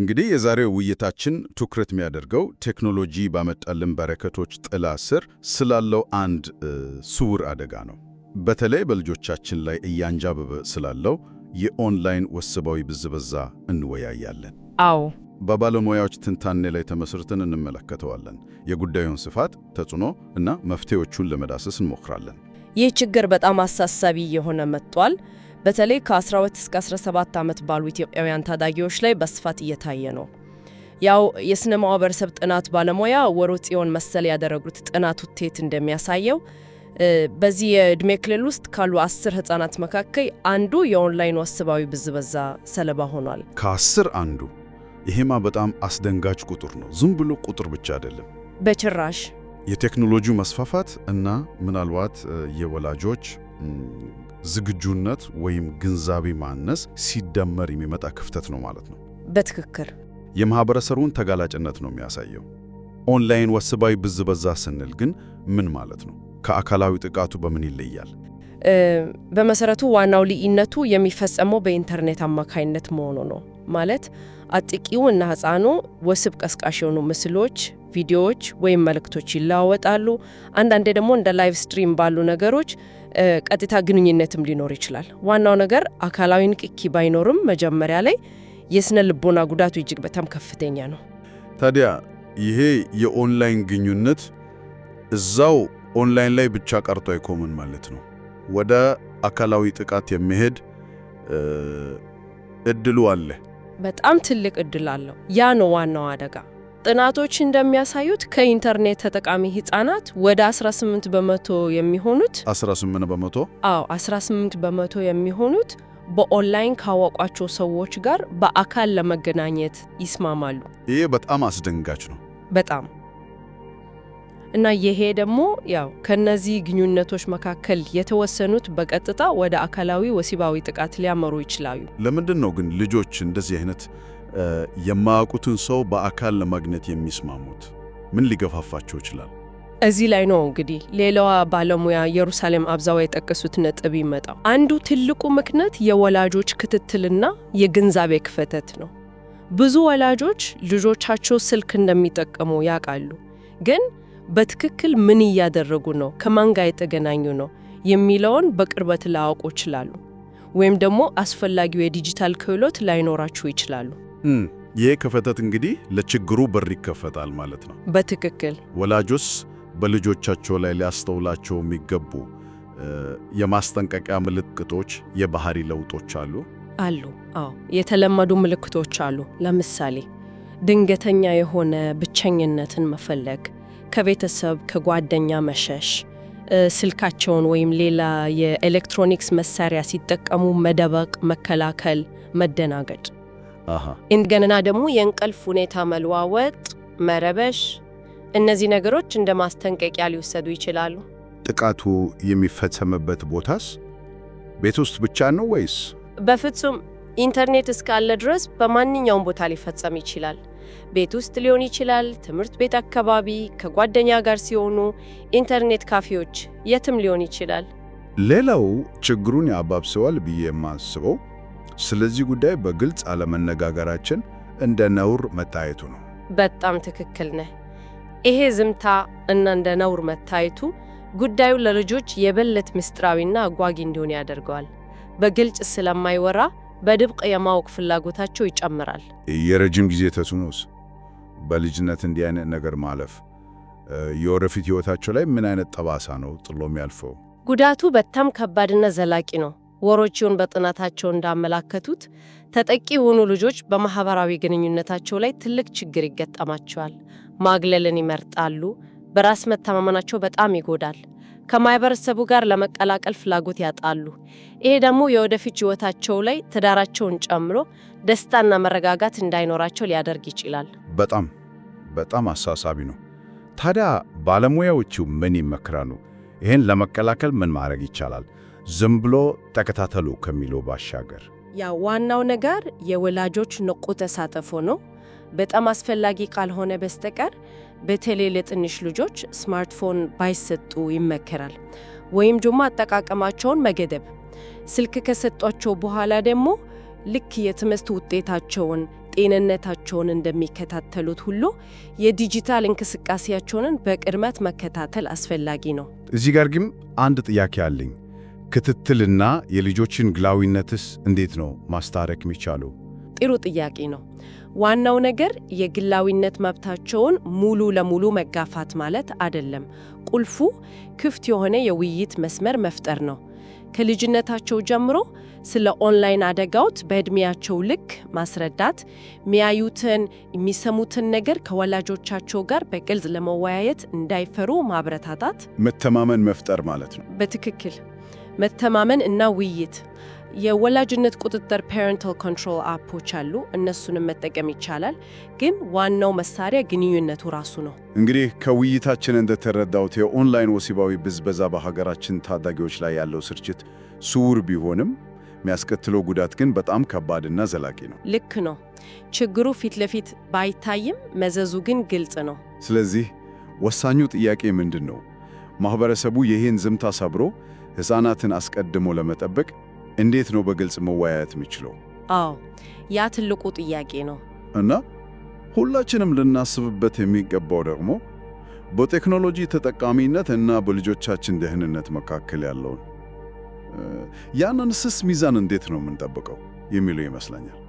እንግዲህ የዛሬው ውይይታችን ትኩረት የሚያደርገው ቴክኖሎጂ ባመጣልን በረከቶች ጥላ ስር ስላለው አንድ ስውር አደጋ ነው። በተለይ በልጆቻችን ላይ እያንዣበበ ስላለው የኦንላይን ወስባዊ ብዝበዛ እንወያያለን። አዎ፣ በባለሙያዎች ትንታኔ ላይ ተመስርተን እንመለከተዋለን። የጉዳዩን ስፋት፣ ተጽዕኖ እና መፍትሄዎቹን ለመዳሰስ እንሞክራለን። ይህ ችግር በጣም አሳሳቢ የሆነ መጥቷል። በተለይ ከ12 እስከ 17 ዓመት ባሉ ኢትዮጵያውያን ታዳጊዎች ላይ በስፋት እየታየ ነው። ያው የስነ ማህበረሰብ ጥናት ባለሙያ ወሮ ጽዮን መሰል ያደረጉት ጥናት ውጤት እንደሚያሳየው በዚህ የእድሜ ክልል ውስጥ ካሉ አስር ህጻናት መካከል አንዱ የኦንላይን ወሲባዊ ብዝበዛ ሰለባ ሆኗል። ከአስር አንዱ! ይሄማ በጣም አስደንጋጭ ቁጥር ነው። ዝም ብሎ ቁጥር ብቻ አይደለም በጭራሽ። የቴክኖሎጂው መስፋፋት እና ምናልባት የወላጆች ዝግጁነት ወይም ግንዛቤ ማነስ ሲደመር የሚመጣ ክፍተት ነው ማለት ነው። በትክክል የማህበረሰቡን ተጋላጭነት ነው የሚያሳየው። ኦንላይን ወስባዊ ብዝበዛ ስንል ግን ምን ማለት ነው? ከአካላዊ ጥቃቱ በምን ይለያል? በመሰረቱ ዋናው ልዩነቱ የሚፈጸመው በኢንተርኔት አማካይነት መሆኑ ነው። ማለት አጥቂው እና ህፃኑ ወስብ ቀስቃሽ የሆኑ ምስሎች፣ ቪዲዮዎች ወይም መልእክቶች ይለዋወጣሉ። አንዳንዴ ደግሞ እንደ ላይቭ ስትሪም ባሉ ነገሮች ቀጥታ ግንኙነትም ሊኖር ይችላል። ዋናው ነገር አካላዊ ንክኪ ባይኖርም መጀመሪያ ላይ የስነ ልቦና ጉዳቱ እጅግ በጣም ከፍተኛ ነው። ታዲያ ይሄ የኦንላይን ግንኙነት እዛው ኦንላይን ላይ ብቻ ቀርቶ አይቆምም ማለት ነው። ወደ አካላዊ ጥቃት የሚሄድ እድሉ አለ። በጣም ትልቅ እድል አለው። ያ ነው ዋናው አደጋ። ጥናቶች እንደሚያሳዩት ከኢንተርኔት ተጠቃሚ ህጻናት ወደ 18 በመቶ የሚሆኑት 18 በመቶ አዎ 18 በመቶ የሚሆኑት በኦንላይን ካወቋቸው ሰዎች ጋር በአካል ለመገናኘት ይስማማሉ። ይህ በጣም አስደንጋጭ ነው። በጣም እና ይሄ ደግሞ ያው ከነዚህ ግንኙነቶች መካከል የተወሰኑት በቀጥታ ወደ አካላዊ ወሲባዊ ጥቃት ሊያመሩ ይችላሉ። ለምንድን ነው ግን ልጆች እንደዚህ አይነት የማያውቁትን ሰው በአካል ለማግኘት የሚስማሙት ምን ሊገፋፋቸው ይችላል? እዚህ ላይ ነው እንግዲህ ሌላዋ ባለሙያ ኢየሩሳሌም አብዛዋ የጠቀሱት ነጥብ ይመጣው። አንዱ ትልቁ ምክንያት የወላጆች ክትትልና የግንዛቤ ክፍተት ነው። ብዙ ወላጆች ልጆቻቸው ስልክ እንደሚጠቀሙ ያውቃሉ፣ ግን በትክክል ምን እያደረጉ ነው፣ ከማን ጋር የተገናኙ ነው የሚለውን በቅርበት ላያውቁ ይችላሉ። ወይም ደግሞ አስፈላጊው የዲጂታል ክህሎት ላይኖራቸው ይችላሉ። ይህ ክፍተት እንግዲህ ለችግሩ በር ይከፈታል ማለት ነው። በትክክል ወላጆስ በልጆቻቸው ላይ ሊያስተውላቸው የሚገቡ የማስጠንቀቂያ ምልክቶች፣ የባህሪ ለውጦች አሉ አሉ። አዎ የተለመዱ ምልክቶች አሉ። ለምሳሌ ድንገተኛ የሆነ ብቸኝነትን መፈለግ፣ ከቤተሰብ ከጓደኛ መሸሽ፣ ስልካቸውን ወይም ሌላ የኤሌክትሮኒክስ መሳሪያ ሲጠቀሙ መደበቅ፣ መከላከል፣ መደናገድ እንደገና ደግሞ የእንቅልፍ ሁኔታ መለዋወጥ፣ መረበሽ፣ እነዚህ ነገሮች እንደ ማስጠንቀቂያ ሊወሰዱ ይችላሉ። ጥቃቱ የሚፈጸምበት ቦታስ ቤት ውስጥ ብቻ ነው ወይስ? በፍጹም ኢንተርኔት እስካለ ድረስ በማንኛውም ቦታ ሊፈጸም ይችላል። ቤት ውስጥ ሊሆን ይችላል፣ ትምህርት ቤት አካባቢ፣ ከጓደኛ ጋር ሲሆኑ፣ ኢንተርኔት ካፌዎች፣ የትም ሊሆን ይችላል። ሌላው ችግሩን ያባብሰዋል ብዬ የማስበው ስለዚህ ጉዳይ በግልጽ አለመነጋገራችን እንደ ነውር መታየቱ ነው። በጣም ትክክል ነህ። ይሄ ዝምታ እና እንደ ነውር መታየቱ ጉዳዩ ለልጆች የበለት ምስጢራዊና አጓጊ እንዲሆን ያደርገዋል። በግልጽ ስለማይወራ በድብቅ የማወቅ ፍላጎታቸው ይጨምራል። የረጅም ጊዜ ተጽዕኖስ? በልጅነት እንዲህ አይነት ነገር ማለፍ የወደፊት ሕይወታቸው ላይ ምን አይነት ጠባሳ ነው ጥሎ የሚያልፈው? ጉዳቱ በጣም ከባድና ዘላቂ ነው። ወሮቹን በጥናታቸው እንዳመላከቱት ተጠቂ የሆኑ ልጆች በማህበራዊ ግንኙነታቸው ላይ ትልቅ ችግር ይገጠማቸዋል። ማግለልን ይመርጣሉ። በራስ መተማመናቸው በጣም ይጎዳል። ከማህበረሰቡ ጋር ለመቀላቀል ፍላጎት ያጣሉ። ይሄ ደግሞ የወደፊት ህይወታቸው ላይ ትዳራቸውን ጨምሮ ደስታና መረጋጋት እንዳይኖራቸው ሊያደርግ ይችላል። በጣም በጣም አሳሳቢ ነው። ታዲያ ባለሙያዎቹ ምን ይመክራሉ? ይህን ለመከላከል ምን ማድረግ ይቻላል? ዝም ብሎ ተከታተሉ ከሚለው ባሻገር ያ ዋናው ነገር የወላጆች ንቁ ተሳተፎ ነው። በጣም አስፈላጊ ካልሆነ በስተቀር በተለይ ለትንሽ ልጆች ስማርትፎን ባይሰጡ ይመከራል። ወይም ደግሞ አጠቃቀማቸውን መገደብ። ስልክ ከሰጧቸው በኋላ ደግሞ ልክ የትምህርት ውጤታቸውን፣ ጤንነታቸውን እንደሚከታተሉት ሁሉ የዲጂታል እንቅስቃሴያቸውን በቅድመት መከታተል አስፈላጊ ነው። እዚህ ጋር ግን አንድ ጥያቄ አለኝ። ክትትልና የልጆችን ግላዊነትስ እንዴት ነው ማስታረቅ የሚቻሉ? ጥሩ ጥያቄ ነው። ዋናው ነገር የግላዊነት መብታቸውን ሙሉ ለሙሉ መጋፋት ማለት አይደለም። ቁልፉ ክፍት የሆነ የውይይት መስመር መፍጠር ነው። ከልጅነታቸው ጀምሮ ስለ ኦንላይን አደጋውት በዕድሜያቸው ልክ ማስረዳት፣ የሚያዩትን የሚሰሙትን ነገር ከወላጆቻቸው ጋር በግልጽ ለመወያየት እንዳይፈሩ ማበረታታት፣ መተማመን መፍጠር ማለት ነው። በትክክል መተማመን እና ውይይት የወላጅነት ቁጥጥር ፓረንታል ኮንትሮል አፖች አሉ። እነሱንም መጠቀም ይቻላል፣ ግን ዋናው መሳሪያ ግንኙነቱ ራሱ ነው። እንግዲህ ከውይይታችን እንደተረዳሁት የኦንላይን ወሲባዊ ብዝበዛ በሀገራችን ታዳጊዎች ላይ ያለው ስርጭት ስውር ቢሆንም የሚያስከትለው ጉዳት ግን በጣም ከባድና ዘላቂ ነው። ልክ ነው። ችግሩ ፊት ለፊት ባይታይም መዘዙ ግን ግልጽ ነው። ስለዚህ ወሳኙ ጥያቄ ምንድን ነው? ማህበረሰቡ ይህን ዝምታ ሰብሮ ሕፃናትን አስቀድሞ ለመጠበቅ እንዴት ነው በግልጽ መወያየት የሚችለው? አዎ ያ ትልቁ ጥያቄ ነው እና ሁላችንም ልናስብበት የሚገባው ደግሞ በቴክኖሎጂ ተጠቃሚነት እና በልጆቻችን ደህንነት መካከል ያለውን ያንን ስስ ሚዛን እንዴት ነው የምንጠብቀው የሚለው ይመስለኛል።